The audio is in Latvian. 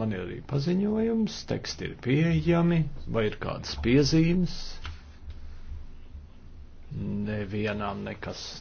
Man ir arī paziņojums, teksti ir pieejami, vai ir kādas piezīmes. Nevienām nekas nav.